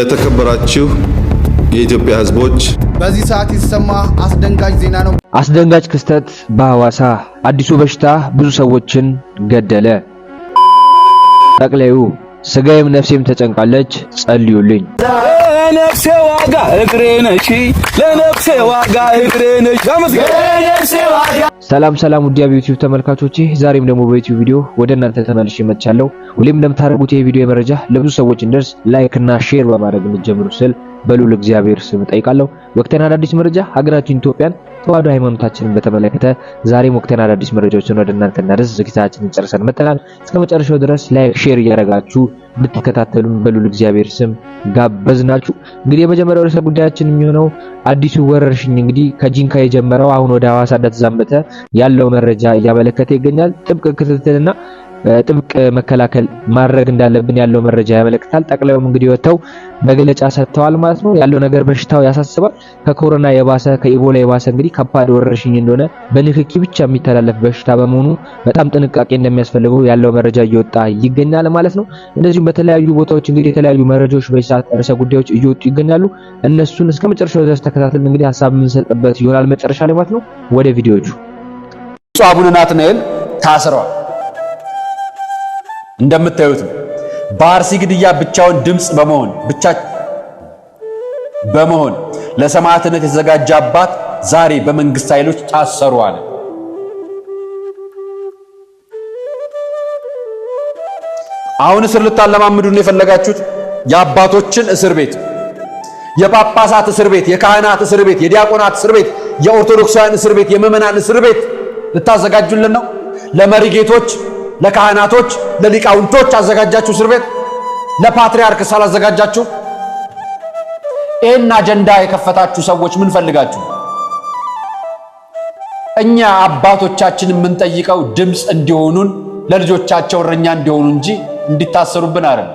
የተከበራችሁ የኢትዮጵያ ህዝቦች! በዚህ ሰዓት የተሰማ አስደንጋጭ ዜና ነው። አስደንጋጭ ክስተት በሐዋሳ አዲሱ በሽታ ብዙ ሰዎችን ገደለ። ጠቅላዩ ስጋዬም ነፍሴም ተጨንቃለች፣ ጸልዩልኝ። ለነፍሴ ዋጋ እግሬ ነሽ፣ ለነፍሴ ዋጋ እግሬ ነሽ። ሰላም ሰላም፣ ውዲያ ዩቲዩብ ተመልካቾቼ፣ ዛሬም ደግሞ በዩቲዩብ ቪዲዮ ወደ እናንተ ተመልሼ መጥቻለሁ። ሁሌም እንደምታደርጉት የቪዲዮ መረጃ ለብዙ ሰዎች እንደርስ ላይክ እና ሼር በማድረግ እንጀምሩ ስል በሉል እግዚአብሔር ስም ጠይቃለሁ። ወቅታዊና አዳዲስ መረጃ ሀገራችን ኢትዮጵያን ተዋህዶ ሃይማኖታችንን በተመለከተ ዛሬም ወቅታዊና አዳዲስ መረጃዎችን ወደ እናንተ እናደርስ ዝግጅታችንን ጨርሰን መጥተናል። እስከ መጨረሻው ድረስ ላይ ሼር እያደረጋችሁ እንድትከታተሉን በሉል እግዚአብሔር ስም ጋበዝናችሁ። እንግዲህ የመጀመሪያው ርዕሰ ጉዳያችን የሚሆነው አዲሱ ወረርሽኝ እንግዲህ ከጂንካ የጀመረው አሁን ወደ ሐዋሳ እንደተዛመተ ያለው መረጃ እያመለከተ ይገኛል። ጥብቅ ክትትልና ጥብቅ መከላከል ማድረግ እንዳለብን ያለው መረጃ ያመለክታል። ጠቅላዩም እንግዲህ ወጥተው መግለጫ ሰጥተዋል ማለት ነው። ያለው ነገር በሽታው ያሳስባል። ከኮሮና የባሰ ከኢቦላ የባሰ እንግዲህ ከባድ ወረርሽኝ እንደሆነ በንክኪ ብቻ የሚተላለፍ በሽታ በመሆኑ በጣም ጥንቃቄ እንደሚያስፈልገው ያለው መረጃ እየወጣ ይገኛል ማለት ነው። እንደዚሁም በተለያዩ ቦታዎች እንግዲህ የተለያዩ መረጃዎች በሰዓት ርዕሰ ጉዳዮች እየወጡ ይገኛሉ። እነሱን እስከ መጨረሻው ድረስ ተከታተል እንግዲህ ሀሳብ የምንሰጥበት ይሆናል መጨረሻ ላይ ማለት ነው። ወደ ቪዲዮቹ አቡነ ናትናኤል ታስረዋል። እንደምታዩት በአርሲ ግድያ ብቻውን ድምፅ በመሆን ብቻ በመሆን ለሰማዕትነት የተዘጋጀ አባት ዛሬ በመንግስት ኃይሎች ታሰሩ አለ። አሁን እስር ልታለማምዱ ነው የፈለጋችሁት። የአባቶችን እስር ቤት፣ የጳጳሳት እስር ቤት፣ የካህናት እስር ቤት፣ የዲያቆናት እስር ቤት፣ የኦርቶዶክሳውያን እስር ቤት፣ የምዕመናን እስር ቤት ልታዘጋጁልን ነው ለመሪጌቶች ለካህናቶች ለሊቃውንቶች አዘጋጃችሁ እስር ቤት ለፓትርያርክ ሳላዘጋጃችሁ ይህን አጀንዳ የከፈታችሁ ሰዎች ምን ፈልጋችሁ? እኛ አባቶቻችን የምንጠይቀው ድምፅ እንዲሆኑን ለልጆቻቸው እረኛ እንዲሆኑ እንጂ እንዲታሰሩብን አይደል።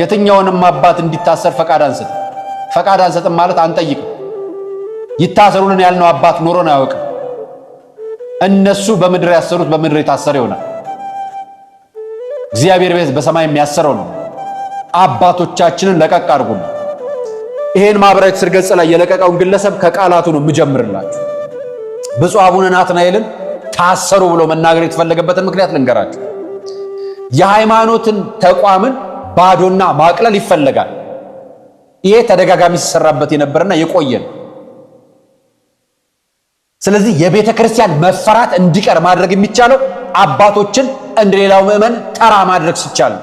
የትኛውንም አባት እንዲታሰር ፈቃድ አንሰጥ ፈቃድ አንሰጥም ማለት አንጠይቅም። ይታሰሩልን ያልነው አባት ኖሮን አያውቅም። እነሱ በምድር ያሰሩት በምድር የታሰረ ይሆናል። እግዚአብሔር ቤት በሰማይ የሚያሰረው ነው። አባቶቻችንን ለቀቅ አድርጉን። ይሄን ማህበራዊ ትስስር ገጽ ላይ የለቀቀውን ግለሰብ ከቃላቱ ነው የምጀምርላችሁ። ብፁዕ አቡነ ናትናኤልን ታሰሩ ብሎ መናገር የተፈለገበትን ምክንያት ልንገራችሁ። የሃይማኖትን ተቋምን ባዶና ማቅለል ይፈለጋል። ይሄ ተደጋጋሚ ሲሰራበት የነበረና የቆየ ነው። ስለዚህ የቤተ ክርስቲያን መፈራት እንዲቀር ማድረግ የሚቻለው አባቶችን እንደ ሌላው ምዕመን ጠራ ማድረግ ሲቻል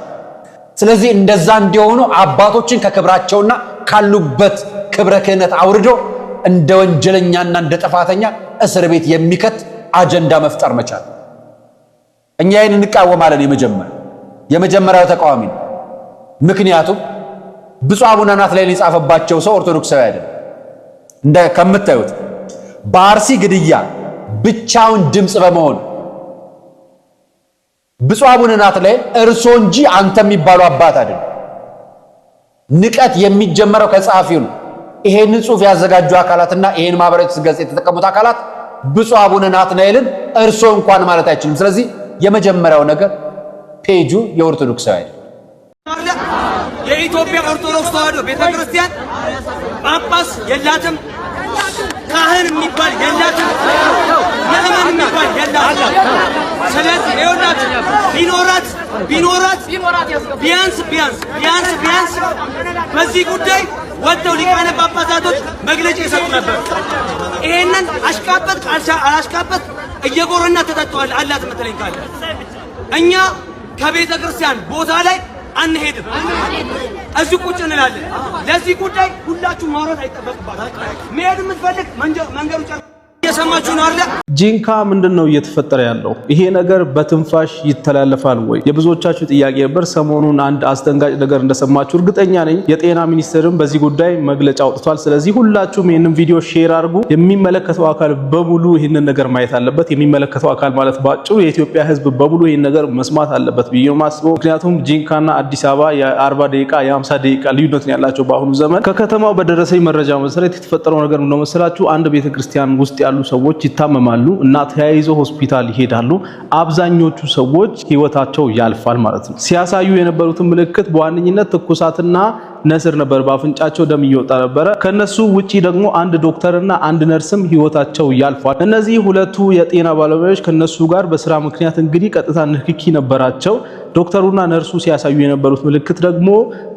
ስለዚህ እንደዛ እንዲሆኑ አባቶችን ከክብራቸውና ካሉበት ክብረ ክህነት አውርዶ እንደ ወንጀለኛና እንደ ጥፋተኛ እስር ቤት የሚከት አጀንዳ መፍጠር መቻል። እኛ ይህን እንቃወማለን። የመጀመር የመጀመሪያው ተቃዋሚ ነው። ምክንያቱም ብፁዕ አቡነ ናት ላይ የጻፈባቸው ሰው ኦርቶዶክሳዊ አይደለም። እንደ ከምታዩት በአርሲ ግድያ ብቻውን ድምፅ በመሆን ብፁዕ አቡነ ናትናኤል እርሶ እንጂ አንተ የሚባሉ አባት አይደል። ንቀት የሚጀመረው ከጸሐፊው ነው። ይሄንን ጽሑፍ ያዘጋጁ አካላትና ይሄን ማህበራዊ ገጽ የተጠቀሙት አካላት ብፁዕ አቡነ ናትናኤልን እርሶ እንኳን ማለት አይችልም። ስለዚህ የመጀመሪያው ነገር ፔጁ የኦርቶዶክሳዊ አይደል። የኢትዮጵያ ኦርቶዶክስ ተዋሕዶ ቤተክርስቲያን ጳጳስ የላትም፣ ካህን የሚባል የላትም። ለህመም የሚባል የላትም። ስለዚህ ይኸውላችሁ ቢኖራት ቢኖራት ቢያንስ ቢያንስ ቢያንስ ቢያንስ በዚህ ጉዳይ ወጥተው ሊቃነ ጳጳሳቶች መግለጫ ይሰጡ ነበር። ይሄንን አሽቃበት አላሽቃበት እየጎረና ተጠጥቷል አላት መተለኝ ካለ እኛ ከቤተ ክርስቲያን ቦታ ላይ አንሄድም፣ እዚህ ቁጭ እንላለን። ለዚህ ጉዳይ ሁላችሁ ማውራት አይጠበቅባችሁ። መሄድ የምትፈልግ መንገዱ እየሰማችሁ ነው አይደል? ጂንካ ምንድን ነው እየተፈጠረ ያለው? ይሄ ነገር በትንፋሽ ይተላለፋል ወይ? የብዙዎቻችሁ ጥያቄ ነበር። ሰሞኑን አንድ አስደንጋጭ ነገር እንደሰማችሁ እርግጠኛ ነኝ። የጤና ሚኒስቴርም በዚህ ጉዳይ መግለጫ አውጥቷል። ስለዚህ ሁላችሁም ይህንን ቪዲዮ ሼር አድርጉ። የሚመለከተው አካል በሙሉ ይህንን ነገር ማየት አለበት። የሚመለከተው አካል ማለት ባጭሩ የኢትዮጵያ ህዝብ በሙሉ ይህን ነገር መስማት አለበት ብዬ ማስበው። ምክንያቱም ጂንካና አዲስ አበባ የ40 ደቂቃ የ50 ደቂቃ ልዩነት ያላቸው በአሁኑ ዘመን። ከከተማው በደረሰኝ መረጃ መሰረት የተፈጠረው ነገር መሰላችሁ አንድ ቤተክርስቲያን ውስጥ ያሉ ሰዎች ይታመማሉ እና ተያይዞ ሆስፒታል ይሄዳሉ። አብዛኞቹ ሰዎች ህይወታቸው ያልፋል ማለት ነው። ሲያሳዩ የነበሩትን ምልክት በዋነኝነት ትኩሳትና ነስር ነበር። በአፍንጫቸው ደም እየወጣ ነበረ። ከነሱ ውጪ ደግሞ አንድ ዶክተርና አንድ ነርስም ህይወታቸው ያልፏል። እነዚህ ሁለቱ የጤና ባለሙያዎች ከነሱ ጋር በስራ ምክንያት እንግዲህ ቀጥታ ንክኪ ነበራቸው። ዶክተሩና ነርሱ ሲያሳዩ የነበሩት ምልክት ደግሞ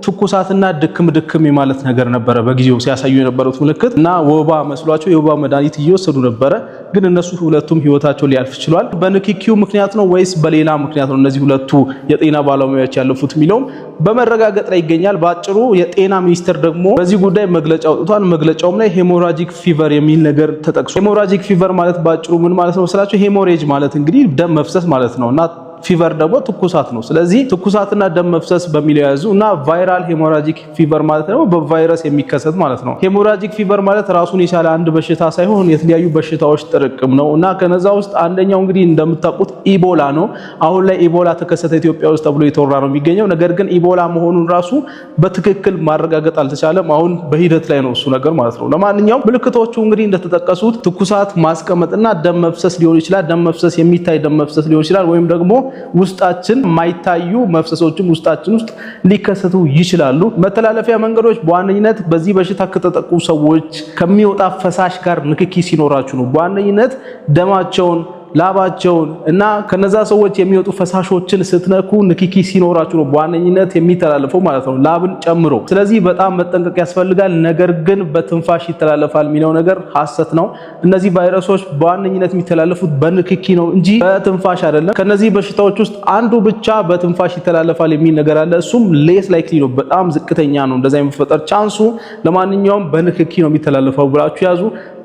ትኩሳትና ድክም ድክም የማለት ነገር ነበረ። በጊዜው ሲያሳዩ የነበሩት ምልክት እና ወባ መስሏቸው የወባ መድኃኒት እየወሰዱ ነበረ። ግን እነሱ ሁለቱም ህይወታቸው ሊያልፍ ችሏል። በንክኪው ምክንያት ነው ወይስ በሌላ ምክንያት ነው እነዚህ ሁለቱ የጤና ባለሙያዎች ያለፉት የሚለውም በመረጋገጥ ላይ ይገኛል። በአጭሩ የጤና ሚኒስቴር ደግሞ በዚህ ጉዳይ መግለጫ አውጥቷል። መግለጫውም ላይ ሄሞራጂክ ፊቨር የሚል ነገር ተጠቅሷል። ሄሞራጂክ ፊቨር ማለት በአጭሩ ምን ማለት ነው መስላቸው? ሄሞሬጅ ማለት እንግዲህ ደም መፍሰስ ማለት ነው እና ፊቨር ደግሞ ትኩሳት ነው። ስለዚህ ትኩሳትና ደም መፍሰስ በሚለው የያዙ እና ቫይራል ሄሞራጂክ ፊቨር ማለት ደግሞ በቫይረስ የሚከሰት ማለት ነው። ሄሞራጂክ ፊቨር ማለት ራሱን የቻለ አንድ በሽታ ሳይሆን የተለያዩ በሽታዎች ጥርቅም ነው እና ከነዛ ውስጥ አንደኛው እንግዲህ እንደምታውቁት ኢቦላ ነው። አሁን ላይ ኢቦላ ተከሰተ ኢትዮጵያ ውስጥ ተብሎ የተወራ ነው የሚገኘው። ነገር ግን ኢቦላ መሆኑን ራሱ በትክክል ማረጋገጥ አልተቻለም። አሁን በሂደት ላይ ነው እሱ ነገር ማለት ነው። ለማንኛውም ምልክቶቹ እንግዲህ እንደተጠቀሱት ትኩሳት፣ ማስቀመጥና ደም መፍሰስ ሊሆን ይችላል። ደም መፍሰስ የሚታይ ደም መፍሰስ ሊሆን ይችላል ወይም ደግሞ ውስጣችን የማይታዩ መፍሰሶችም ውስጣችን ውስጥ ሊከሰቱ ይችላሉ። መተላለፊያ መንገዶች በዋነኝነት በዚህ በሽታ ከተጠቁ ሰዎች ከሚወጣ ፈሳሽ ጋር ንክኪ ሲኖራችሁ ነው። በዋነኝነት ደማቸውን ላባቸውን እና ከነዛ ሰዎች የሚወጡ ፈሳሾችን ስትነኩ ንኪኪ ሲኖራችሁ ነው በዋነኝነት የሚተላለፈው ማለት ነው፣ ላብን ጨምሮ። ስለዚህ በጣም መጠንቀቅ ያስፈልጋል። ነገር ግን በትንፋሽ ይተላለፋል የሚለው ነገር ሀሰት ነው። እነዚህ ቫይረሶች በዋነኝነት የሚተላለፉት በንክኪ ነው እንጂ በትንፋሽ አይደለም። ከነዚህ በሽታዎች ውስጥ አንዱ ብቻ በትንፋሽ ይተላለፋል የሚል ነገር አለ። እሱም ሌስ ላይክሊ ነው፣ በጣም ዝቅተኛ ነው እንደዛ የሚፈጠር ቻንሱ። ለማንኛውም በንክኪ ነው የሚተላለፈው ብላችሁ ያዙ።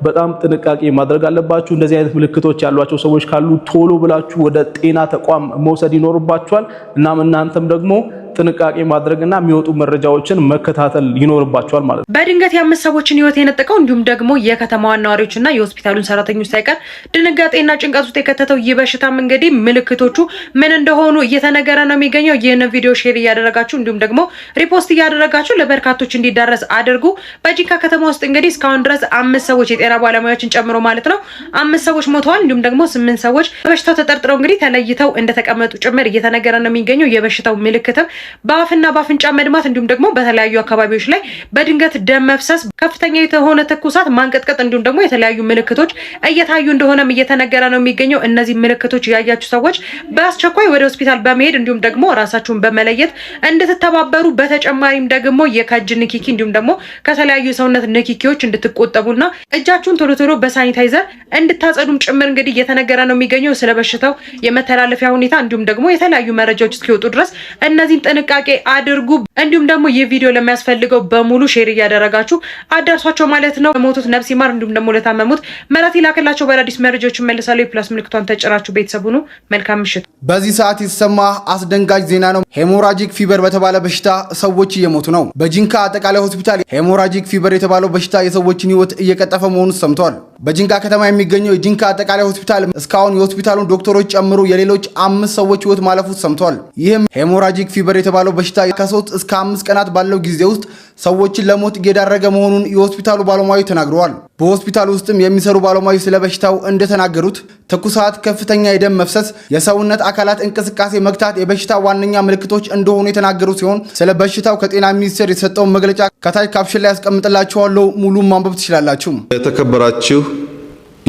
በጣም ጥንቃቄ ማድረግ አለባችሁ። እንደዚህ አይነት ምልክቶች ያሏቸው ሰዎች ሰዎች ካሉ ቶሎ ብላችሁ ወደ ጤና ተቋም መውሰድ ይኖርባችኋል። እናም እናንተም ደግሞ ጥንቃቄ ማድረግና የሚወጡ መረጃዎችን መከታተል ይኖርባቸዋል ማለት ነው። በድንገት የአምስት ሰዎችን ህይወት የነጠቀው እንዲሁም ደግሞ የከተማዋን ነዋሪዎችና የሆስፒታሉን ሰራተኞች ሳይቀር ድንጋጤና ጭንቀት ውስጥ የከተተው ይህ በሽታም እንግዲህ ምልክቶቹ ምን እንደሆኑ እየተነገረ ነው የሚገኘው። ይህን ቪዲዮ ሼር እያደረጋችሁ እንዲሁም ደግሞ ሪፖስት እያደረጋችሁ ለበርካቶች እንዲዳረስ አድርጉ። በጂካ ከተማ ውስጥ እንግዲህ እስካሁን ድረስ አምስት ሰዎች የጤና ባለሙያዎችን ጨምሮ ማለት ነው አምስት ሰዎች ሞተዋል። እንዲሁም ደግሞ ስምንት ሰዎች በበሽታው ተጠርጥረው እንግዲህ ተለይተው እንደተቀመጡ ጭምር እየተነገረ ነው የሚገኘው የበሽታው ምልክትም በአፍና በአፍንጫ መድማት እንዲሁም ደግሞ በተለያዩ አካባቢዎች ላይ በድንገት ደም መፍሰስ ከፍተኛ የተሆነ ትኩሳት፣ ማንቀጥቀጥ እንዲሁም ደግሞ የተለያዩ ምልክቶች እየታዩ እንደሆነም እየተነገረ ነው የሚገኘው። እነዚህ ምልክቶች ያያችሁ ሰዎች በአስቸኳይ ወደ ሆስፒታል በመሄድ እንዲሁም ደግሞ ራሳችሁን በመለየት እንድትተባበሩ በተጨማሪም ደግሞ የከእጅ ንኪኪ እንዲሁም ደግሞ ከተለያዩ የሰውነት ንኪኪዎች እንድትቆጠቡና እጃችሁን ቶሎ ቶሎ በሳኒታይዘር እንድታጸዱም ጭምር እንግዲህ እየተነገረ ነው የሚገኘው። ስለ በሽታው የመተላለፊያ ሁኔታ እንዲሁም ደግሞ የተለያዩ መረጃዎች እስኪወጡ ድረስ እነዚህን ጥንቃቄ አድርጉ። እንዲሁም ደግሞ ይህ ቪዲዮ ለሚያስፈልገው በሙሉ ሼር እያደረጋችሁ አዳርሷቸው ማለት ነው። ለሞቱት ነብስ ይማር፣ እንዲሁም ደግሞ ለታመሙት መረት ይላክላቸው። በአዳዲስ መረጃዎች ይመለሳሉ። የፕላስ ምልክቷን ተጭራችሁ ቤተሰብ ሁኑ። መልካም ምሽት። በዚህ ሰዓት የተሰማ አስደንጋጭ ዜና ነው። ሄሞራጂክ ፊበር በተባለ በሽታ ሰዎች እየሞቱ ነው። በጂንካ አጠቃላይ ሆስፒታል ሄሞራጂክ ፊበር የተባለው በሽታ የሰዎችን ህይወት እየቀጠፈ መሆኑን ሰምቷል። በጂንካ ከተማ የሚገኘው የጂንካ አጠቃላይ ሆስፒታል እስካሁን የሆስፒታሉን ዶክተሮች ጨምሮ የሌሎች አምስት ሰዎች ህይወት ማለፉ ሰምቷል። ይህም ሄሞራጂክ ፊበር የተባለው በሽታ ከሶስት እስከ አምስት ቀናት ባለው ጊዜ ውስጥ ሰዎችን ለሞት እየዳረገ መሆኑን የሆስፒታሉ ባለሙያዎች ተናግረዋል። በሆስፒታል ውስጥም የሚሰሩ ባለሙያዎች ስለ በሽታው እንደተናገሩት ትኩሳት፣ ከፍተኛ የደም መፍሰስ፣ የሰውነት አካላት እንቅስቃሴ መግታት የበሽታ ዋነኛ ምልክቶች እንደሆኑ የተናገሩ ሲሆን ስለ በሽታው ከጤና ሚኒስቴር የተሰጠውን መግለጫ ከታች ካፕሽን ላይ ያስቀምጥላችኋለሁ። ሙሉም ማንበብ ትችላላችሁ። የተከበራችሁ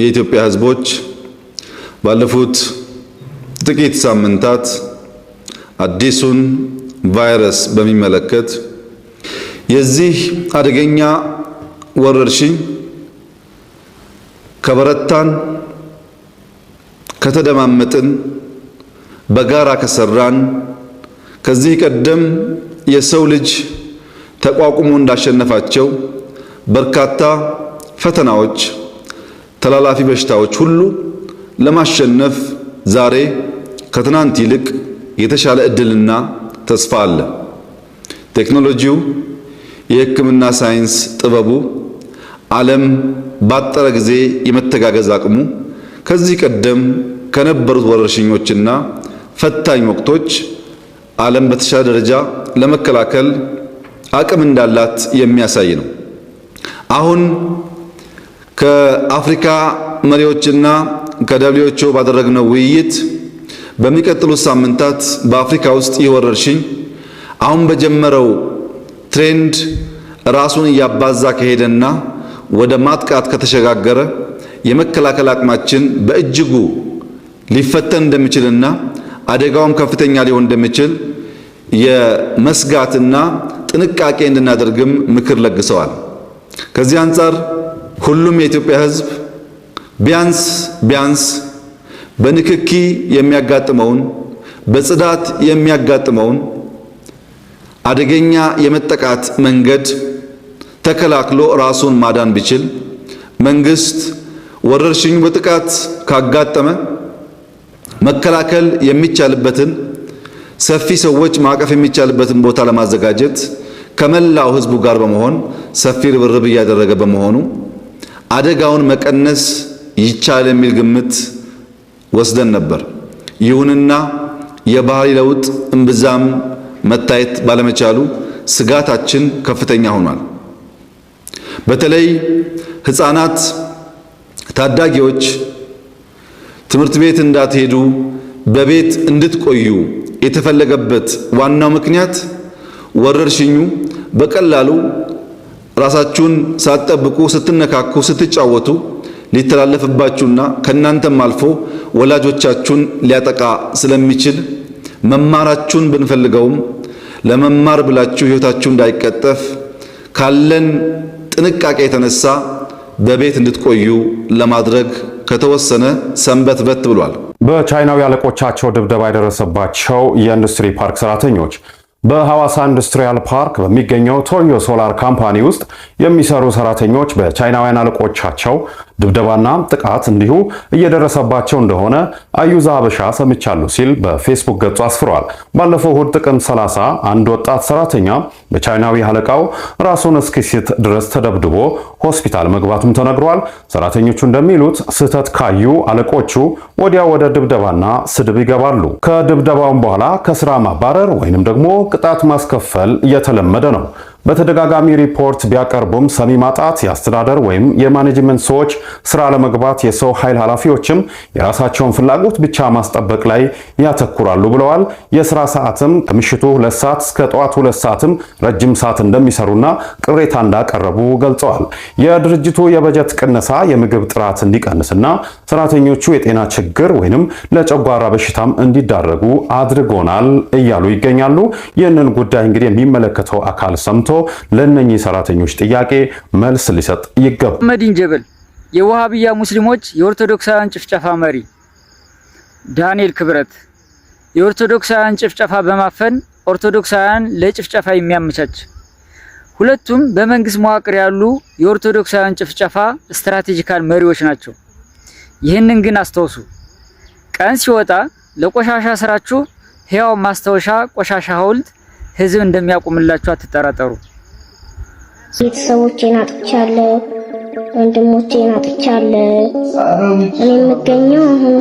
የኢትዮጵያ ሕዝቦች ባለፉት ጥቂት ሳምንታት አዲሱን ቫይረስ በሚመለከት የዚህ አደገኛ ወረርሽኝ ከበረታን፣ ከተደማመጥን፣ በጋራ ከሰራን ከዚህ ቀደም የሰው ልጅ ተቋቁሞ እንዳሸነፋቸው በርካታ ፈተናዎች፣ ተላላፊ በሽታዎች ሁሉ ለማሸነፍ ዛሬ ከትናንት ይልቅ የተሻለ እድልና ተስፋ አለ። ቴክኖሎጂው፣ የሕክምና ሳይንስ ጥበቡ ዓለም ባጠረ ጊዜ የመተጋገዝ አቅሙ ከዚህ ቀደም ከነበሩት ወረርሽኞችና ፈታኝ ወቅቶች ዓለም በተሻለ ደረጃ ለመከላከል አቅም እንዳላት የሚያሳይ ነው። አሁን ከአፍሪካ መሪዎችና ከደብሊዎቹ ባደረግነው ውይይት በሚቀጥሉት ሳምንታት በአፍሪካ ውስጥ ይህ ወረርሽኝ አሁን በጀመረው ትሬንድ ራሱን እያባዛ ከሄደና ወደ ማጥቃት ከተሸጋገረ የመከላከል አቅማችን በእጅጉ ሊፈተን እንደሚችልና አደጋውም ከፍተኛ ሊሆን እንደሚችል የመስጋትና ጥንቃቄ እንድናደርግም ምክር ለግሰዋል። ከዚህ አንጻር ሁሉም የኢትዮጵያ ሕዝብ ቢያንስ ቢያንስ በንክኪ የሚያጋጥመውን በጽዳት የሚያጋጥመውን አደገኛ የመጠቃት መንገድ ተከላክሎ ራሱን ማዳን ቢችል፣ መንግስት ወረርሽኙ በጥቃት ካጋጠመ መከላከል የሚቻልበትን ሰፊ ሰዎች ማዕቀፍ የሚቻልበትን ቦታ ለማዘጋጀት ከመላው ህዝቡ ጋር በመሆን ሰፊ ርብርብ እያደረገ በመሆኑ አደጋውን መቀነስ ይቻል የሚል ግምት ወስደን ነበር። ይሁንና የባህሪ ለውጥ እምብዛም መታየት ባለመቻሉ ስጋታችን ከፍተኛ ሆኗል። በተለይ ህፃናት፣ ታዳጊዎች ትምህርት ቤት እንዳትሄዱ በቤት እንድትቆዩ የተፈለገበት ዋናው ምክንያት ወረርሽኙ በቀላሉ ራሳችሁን ሳትጠብቁ ስትነካኩ፣ ስትጫወቱ ሊተላለፍባችሁና ከእናንተም አልፎ ወላጆቻችሁን ሊያጠቃ ስለሚችል መማራችሁን ብንፈልገውም ለመማር ብላችሁ ህይወታችሁ እንዳይቀጠፍ ካለን ጥንቃቄ የተነሳ በቤት እንድትቆዩ ለማድረግ ከተወሰነ ሰንበት በት ብሏል። በቻይናዊ አለቆቻቸው ድብደባ የደረሰባቸው የኢንዱስትሪ ፓርክ ሰራተኞች በሐዋሳ ኢንዱስትሪያል ፓርክ በሚገኘው ቶዮ ሶላር ካምፓኒ ውስጥ የሚሰሩ ሰራተኞች በቻይናውያን አለቆቻቸው ድብደባና ጥቃት እንዲሁ እየደረሰባቸው እንደሆነ አዩዛ ሀበሻ ሰምቻለሁ ሲል በፌስቡክ ገጹ አስፍሯል። ባለፈው እሁድ ጥቅምት 30 አንድ ወጣት ሰራተኛ በቻይናዊ አለቃው ራሱን እስኪስት ድረስ ተደብድቦ ሆስፒታል መግባቱም ተነግሯል። ሰራተኞቹ እንደሚሉት ስህተት ካዩ አለቆቹ ወዲያ ወደ ድብደባና ስድብ ይገባሉ። ከድብደባውም በኋላ ከስራ ማባረር ወይንም ደግሞ ቅጣት ማስከፈል እየተለመደ ነው። በተደጋጋሚ ሪፖርት ቢያቀርቡም ሰሚ ማጣት፣ የአስተዳደር ወይም የማኔጅመንት ሰዎች ስራ ለመግባት፣ የሰው ኃይል ኃላፊዎችም የራሳቸውን ፍላጎት ብቻ ማስጠበቅ ላይ ያተኩራሉ ብለዋል። የስራ ሰዓትም ከምሽቱ ሁለት ሰዓት እስከ ጠዋት ሁለት ሰዓትም ረጅም ሰዓት እንደሚሰሩና ቅሬታ እንዳቀረቡ ገልጸዋል። የድርጅቱ የበጀት ቅነሳ የምግብ ጥራት እንዲቀንስና ሰራተኞቹ የጤና ችግር ወይንም ለጨጓራ በሽታም እንዲዳረጉ አድርጎናል እያሉ ይገኛሉ። ይህንን ጉዳይ እንግዲህ የሚመለከተው አካል ሰምቶ ለነኚህ ሰራተኞች ጥያቄ መልስ ሊሰጥ ይገባል። አህመዲን ጀበል የወሃቢያ ሙስሊሞች የኦርቶዶክሳውያን ጭፍጨፋ መሪ፣ ዳንኤል ክብረት የኦርቶዶክሳውያን ጭፍጨፋ በማፈን ኦርቶዶክሳውያን ለጭፍጨፋ የሚያመቻች ሁለቱም በመንግስት መዋቅር ያሉ የኦርቶዶክሳውያን ጭፍጨፋ ስትራቴጂካል መሪዎች ናቸው። ይህንን ግን አስታውሱ። ቀን ሲወጣ ለቆሻሻ ስራችሁ ሕያው ማስታወሻ ቆሻሻ ሐውልት ህዝብ እንደሚያቆምላችሁ አትጠራጠሩ። ቤተሰቦቼን አጥቻለሁ። ወንድሞቼን አጥቻለሁ። እኔ የምገኘው አሁን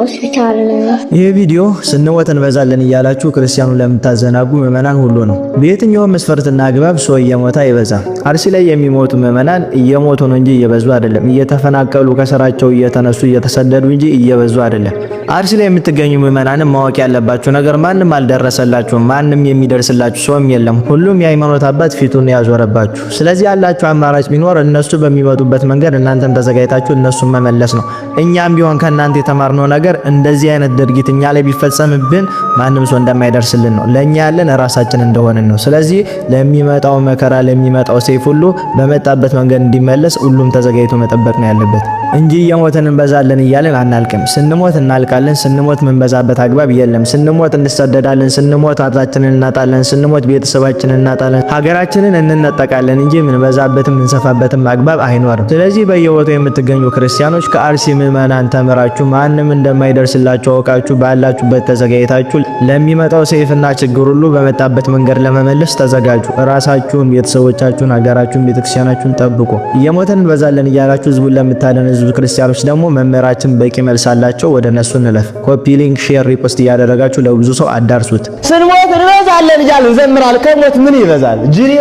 ሆስፒታል ነው። ይህ ቪዲዮ ስንወት እንበዛለን እያላችሁ ክርስቲያኑ ለምታዘናጉ ምዕመናን ሁሉ ነው። በየትኛውም መስፈርትና አግባብ ሰው እየሞተ አይበዛም። አርሲ ላይ የሚሞቱ ምዕመናን እየሞቱ ነው እንጂ እየበዙ አይደለም። እየተፈናቀሉ ከስራቸው እየተነሱ እየተሰደዱ እንጂ እየበዙ አይደለም። አርሲ ላይ የምትገኙ ምዕመናንም ማወቅ ያለባችሁ ነገር ማንም አልደረሰላችሁም። ማንም የሚደርስላችሁ ሰውም የለም። ሁሉም የሃይማኖት አባት ፊቱን ያዞረባችሁ። ስለዚህ ያላችሁ አማራጭ ቢኖር እነሱ በሚ የሚመጡበት መንገድ እናንተም ተዘጋጅታችሁ እነሱን መመለስ ነው። እኛም ቢሆን ከእናንተ የተማርነው ነገር እንደዚህ አይነት ድርጊት እኛ ላይ ቢፈጸምብን ማንም ሰው እንደማይደርስልን ነው። ለእኛ ያለን ራሳችን እንደሆንን ነው። ስለዚህ ለሚመጣው መከራ፣ ለሚመጣው ሰይፍ ሁሉ በመጣበት መንገድ እንዲመለስ ሁሉም ተዘጋጅቶ መጠበቅ ነው ያለበት። እንጂ እየሞትን እንበዛለን እያለን አናልቅም። ስንሞት እናልቃለን። ስንሞት ምንበዛበት አግባብ የለም። ስንሞት እንሰደዳለን። ስንሞት አጥራችንን እናጣለን። ስንሞት ቤተሰባችንን እናጣለን። ሀገራችንን እንነጠቃለን እንጂ ምንበዛበትም ምንሰፋበትም አግባብ አይኖርም። ስለዚህ በየቦታው የምትገኙ ክርስቲያኖች ከአርሲ ምዕመናን ተምራችሁ ማንም እንደማይደርስላችሁ አውቃችሁ ባላችሁበት ተዘጋጅታችሁ ለሚመጣው ሰይፍና ችግር ሁሉ በመጣበት መንገድ ለመመለስ ተዘጋጁ። ራሳችሁን፣ ቤተሰቦቻችሁን፣ ሀገራችሁን፣ ቤተክርስቲያናችሁን ጠብቁ። እየሞትን እንበዛለን እያላችሁ ህዝቡን ለምታደን ብዙ ክርስቲያኖች ደግሞ መምህራችን በቂ መልስ አላቸው። ወደ እነሱ እንለፍ። ኮፒ ሊንክ፣ ሼር፣ ሪፖስት እያደረጋችሁ ለብዙ ሰው አዳርሱት። ስንሞት እንበዛለን እያልን ዘምራል። ከሞት ምን ይበዛል? ጅሬ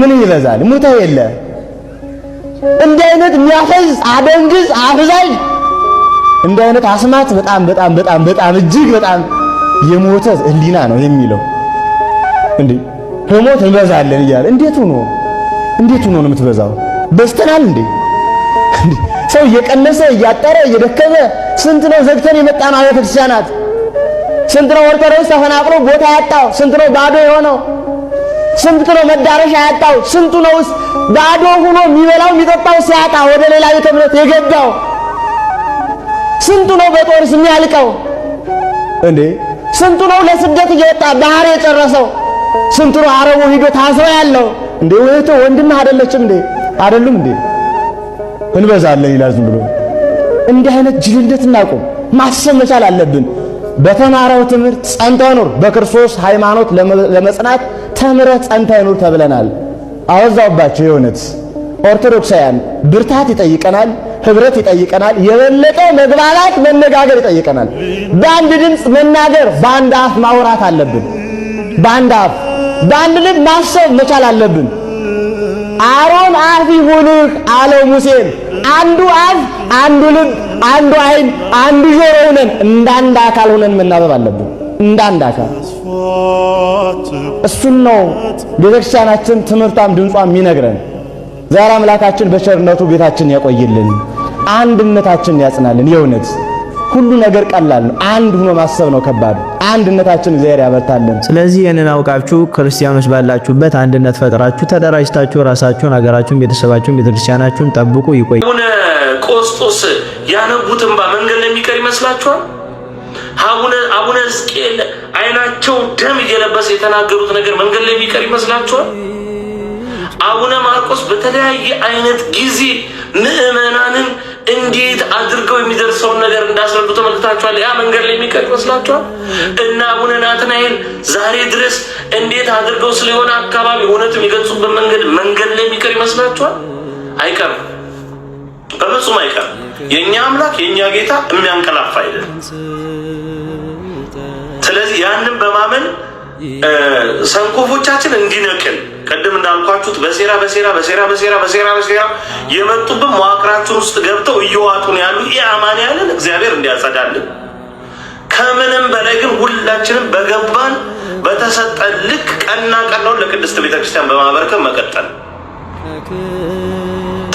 ምን ይበዛል? ሙታ የለ እንዲህ አይነት የሚያፈዝ አደንግዝ አፍዛዥ እንዲህ አይነት አስማት በጣም በጣም በጣም በጣም እጅግ በጣም የሞተ ህሊና ነው የሚለው። እንዴ ከሞት እንበዛለን እያለ እንዴት ሆኖ እንዴት ሆኖ ነው የምትበዛው? በስተናል እንዴ? ሰው እየቀነሰ እያጠረ እየደከመ ስንት ነው ዘግተን የመጣን አብያተ ክርስቲያናት፣ ስንት ነው ኦርቶዶክስ ተፈናቅሎ ቦታ ያጣው፣ ስንት ነው ባዶ የሆነው፣ ስንት ነው መዳረሻ ያጣው፣ ስንቱ ነው ባዶ ሆኖ የሚበላው የሚጠጣው ሲያጣ ወደ ሌላ ቤተ እምነት የገባው፣ ስንቱ ነው በጦርስ የሚያልቀው እንዴ፣ ስንቱ ነው ለስደት እየወጣ ባህር የጨረሰው፣ ስንቱ ነው አረቡ ሂዶ ታስሮ ያለው እንዴ። ወይቶ ወንድም አይደለችም እንዴ? አይደሉም እንዴ? እንበዛለን ይላል። ዝም ብሎ እንዲህ አይነት ጅልነት እናቁም። ማሰብ መቻል አለብን። በተማረው ትምህርት ጸንተ ኑር። በክርስቶስ ሃይማኖት ለመጽናት ተምረ ጸንተ ኑር ተብለናል። አወዛውባቸው የእውነት ኦርቶዶክሳውያን ብርታት ይጠይቀናል፣ ህብረት ይጠይቀናል፣ የበለጠ መግባባት መነጋገር ይጠይቀናል። በአንድ ድምፅ መናገር፣ በአንድ አፍ ማውራት አለብን። በአንድ አፍ በአንድ ልብ ማሰብ መቻል አለብን። አሮን አፍ ይሁንህ አለው ሙሴን። አንዱ አፍ፣ አንዱ ልብ፣ አንዱ አይን፣ አንዱ ጆሮ ሆነን እንዳንድ አካል ሆነን መናበብ አለብን። እንዳንድ አካል እሱን ነው ቤተክርስቲያናችን ትምህርቷም ድምጿም ይነግረን። ዛሬ አምላካችን በቸርነቱ ቤታችን ያቆይልን፣ አንድነታችን ያጽናልን የእውነት ሁሉ ነገር ቀላል ነው። አንድ ሆኖ ማሰብ ነው ከባዱ። አንድነታችን እግዚአብሔር ያበርታለን። ስለዚህ ይህንን አውቃችሁ ክርስቲያኖች ባላችሁበት አንድነት ፈጥራችሁ ተደራጅታችሁ ራሳችሁን፣ ሀገራችሁን፣ ቤተሰባችሁን፣ ቤተክርስቲያናችሁን ጠብቁ። ይቆይ ሁነ ቆስጦስ ያነቡት እንባ መንገድ ላይ የሚቀር ይመስላችኋል? አቡነ አቡነ ሕዝቅኤል አይናቸው ደም እየለበሰ የተናገሩት ነገር መንገድ ላይ የሚቀር ይመስላችኋል? አቡነ ማርቆስ በተለያየ አይነት ጊዜ ምእመናንን ። እንዴት አድርገው የሚደርሰውን ነገር እንዳስረዱ ተመልክታችኋል። ያ መንገድ ላይ የሚቀር ይመስላችኋል? እና አቡነ ናትናኤል ዛሬ ድረስ እንዴት አድርገው ስለሆነ አካባቢ እውነት የሚገልጹበት መንገድ መንገድ ላይ የሚቀር ይመስላችኋል? አይቀርም፣ በፍጹም አይቀርም። የእኛ አምላክ የእኛ ጌታ የሚያንቀላፋ አይደለም። ስለዚህ ያንን በማመን ሰንኮፎቻችን እንዲነክል ቅድም እንዳልኳችሁት በሴራ በሴራ በሴራ በሴራ በሴራ በሴራ የመጡብን መዋቅራችን ውስጥ ገብተው እየዋጡን ያሉ ያለን እግዚአብሔር እንዲያጸዳልን ከምንም በላይ ግን ሁላችንም በገባን በተሰጠ ልክ ቀና ቀናውን ለቅድስት ቤተክርስቲያን በማበርከት መቀጠል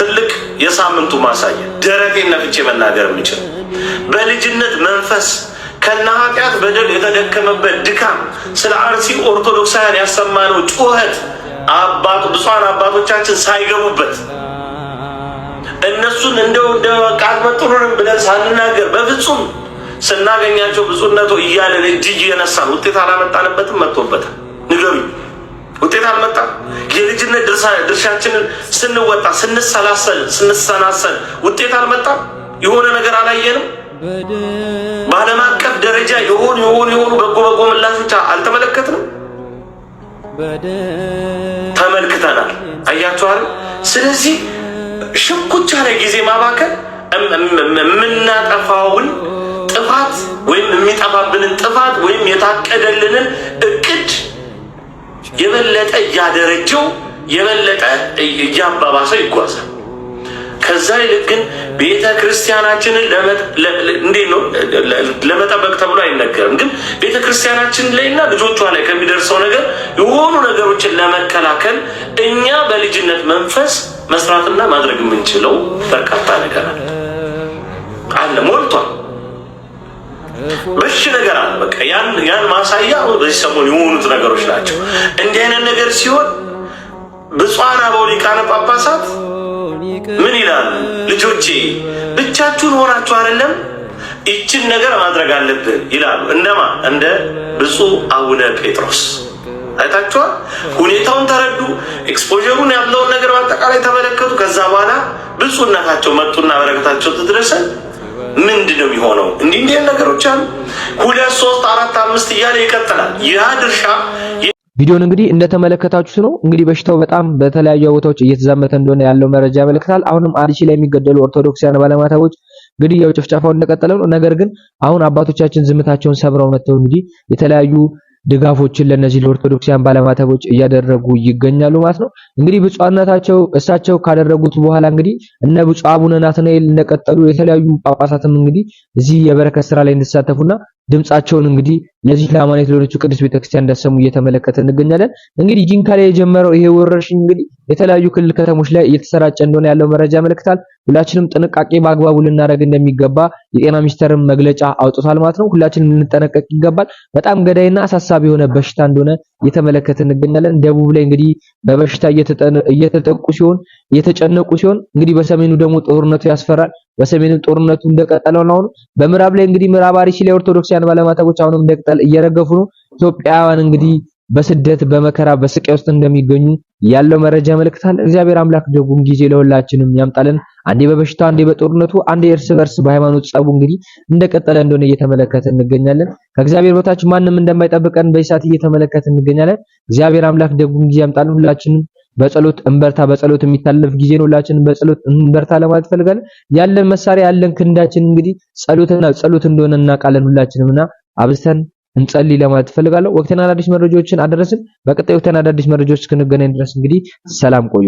ትልቅ የሳምንቱ ማሳያ ደረቴን ነፍቼ መናገር የምችል በልጅነት መንፈስ ከነ ኃጢአት በደል የተደከመበት ድካም ስለ አርሲ ኦርቶዶክሳውያን ያሰማነው ጩኸት አባቱ ብፁዓን አባቶቻችን ሳይገቡበት እነሱን እንደው እንደ ቃል መጥሩንም ብለን ሳንናገር በፍጹም ስናገኛቸው ብፁዕነቶ እያለን እጅ የነሳን ውጤት አላመጣንበትም። መጥቶበታል። ንገሩኝ፣ ውጤት አልመጣም። የልጅነት ድርሻችንን ስንወጣ ስንሰላሰል ስንሰናሰል ውጤት አልመጣም። የሆነ ነገር አላየንም። በዓለም አቀፍ ደረጃ የሆኑ የሆኑ የሆኑ በጎ በጎ ምላሾች አልተመለከትንም፣ ተመልክተናል። አያችኋል። ስለዚህ ሽኩቻ ላይ ጊዜ ማባከል የምናጠፋውን ጥፋት ወይም የሚጠፋብንን ጥፋት ወይም የታቀደልንን እቅድ የበለጠ እያደረጀው የበለጠ እያባባሰው ይጓዛል። ከዛ ይልቅ ግን ቤተ ክርስቲያናችንን እንዴት ነው ለመጠበቅ ተብሎ አይነገርም። ግን ቤተ ክርስቲያናችን ላይና ልጆቿ ላይ ከሚደርሰው ነገር የሆኑ ነገሮችን ለመከላከል እኛ በልጅነት መንፈስ መስራትና ማድረግ የምንችለው በርካታ ነገር አለ አለ ሞልቷል። በሽ ነገር አለ። በቃ ያን ያን ማሳያ በዚህ ሰሞን የሆኑት ነገሮች ናቸው። እንዲህ አይነት ነገር ሲሆን ብፁዓን አበው ሊቃነ ጳጳሳት ምን ይላል? ልጆቼ ብቻችሁን ሆናችሁ አይደለም ይችን ነገር ማድረግ አለብን ይላሉ። እንደማ እንደ ብፁዕ አቡነ ጴጥሮስ አይታችኋል። ሁኔታውን ተረዱ። ኤክስፖሩን ያለውን ነገር በአጠቃላይ ተመለከቱ። ከዛ በኋላ ብፁዕነታቸው መጡና በረከታቸው ትድረሰ ምንድን ነው የሚሆነው? እንዲህ እንዲህ ነገሮች አሉ። ሁለት ሶስት አራት አምስት እያለ ይቀጥላል። ያ ድርሻ ቪዲዮን እንግዲህ እንደተመለከታችሁት ነው። እንግዲህ በሽታው በጣም በተለያዩ ቦታዎች እየተዛመተ እንደሆነ ያለው መረጃ ያመለክታል። አሁንም አርሲ ላይ የሚገደሉ ኦርቶዶክሳውያን እንግዲህ ያው ጭፍጨፋው እንደቀጠለ ነው። ነገር ግን አሁን አባቶቻችን ዝምታቸውን ሰብረው መጥተው እንግዲህ የተለያዩ ድጋፎችን ለነዚህ ለኦርቶዶክሳውያን ባለማተቦች እያደረጉ ይገኛሉ ማለት ነው። እንግዲህ ብፁዓነታቸው እሳቸው ካደረጉት በኋላ እንግዲህ እነ ብፁዕ አቡነ ናትናኤል እንደቀጠሉ የተለያዩ ጳጳሳትም እንግዲህ እዚህ የበረከት ስራ ላይ እንዲሳተፉና ድምጻቸውን እንግዲህ እነዚህ ለአማኔት ለሆነችው ቅዱስ ቤተክርስቲያን እንዳሰሙ እየተመለከተ እንገኛለን። እንግዲህ ጂንካ ላይ የጀመረው ይሄ ወረርሽኝ እንግዲህ የተለያዩ ክልል ከተሞች ላይ እየተሰራጨ እንደሆነ ያለው መረጃ ያመለክታል። ሁላችንም ጥንቃቄ በአግባቡ ልናደርግ እንደሚገባ የጤና ሚኒስቴርም መግለጫ አውጥቷል ማለት ነው። ሁላችንም ልንጠነቀቅ ይገባል። በጣም ገዳይና አሳሳቢ የሆነ በሽታ እንደሆነ እየተመለከትን እንገኛለን። ደቡብ ላይ እንግዲህ በበሽታ እየተጠቁ ሲሆን እየተጨነቁ ሲሆን እንግዲህ በሰሜኑ ደግሞ ጦርነቱ ያስፈራል። በሰሜኑ ጦርነቱ እንደቀጠለው ነው። አሁን በምዕራብ ላይ እንግዲህ ምዕራብ አርሲ ላይ ኦርቶዶክሳውያን ባለማተቦች አሁንም እየረገፉ ነው። ኢትዮጵያውያን እንግዲህ በስደት በመከራ በስቃይ ውስጥ እንደሚገኙ ያለው መረጃ ያመለክታል። እግዚአብሔር አምላክ ደጉን ጊዜ ለሁላችንም ያምጣልን። አንዴ በበሽታ አንዴ በጦርነቱ አንዴ እርስ በርስ በሃይማኖት ጸቡ እንግዲህ እንደቀጠለ እንደሆነ እየተመለከተ እንገኛለን። ከእግዚአብሔር በታች ማንም እንደማይጠብቀን በይሳት እየተመለከተ እንገኛለን። እግዚአብሔር አምላክ ደጉን ጊዜ ያምጣልን። ሁላችንም በጸሎት እንበርታ። በጸሎት የሚታለፍ ጊዜ ነው። ሁላችንም በጸሎት እንበርታ ለማለት ፈልጋለሁ። ያለን መሳሪያ ያለን ክንዳችን እንግዲህ ጸሎትና ጸሎት እንደሆነ እናውቃለን ሁላችንም እና አብዝተን እንጸልይ ለማለት ፈልጋለሁ። ወቅትና አዳዲስ መረጃዎችን አደረስን። በቀጣይ ወቅትና አዳዲስ መረጃዎች እስክንገናኝ ድረስ እንግዲህ ሰላም ቆዩ።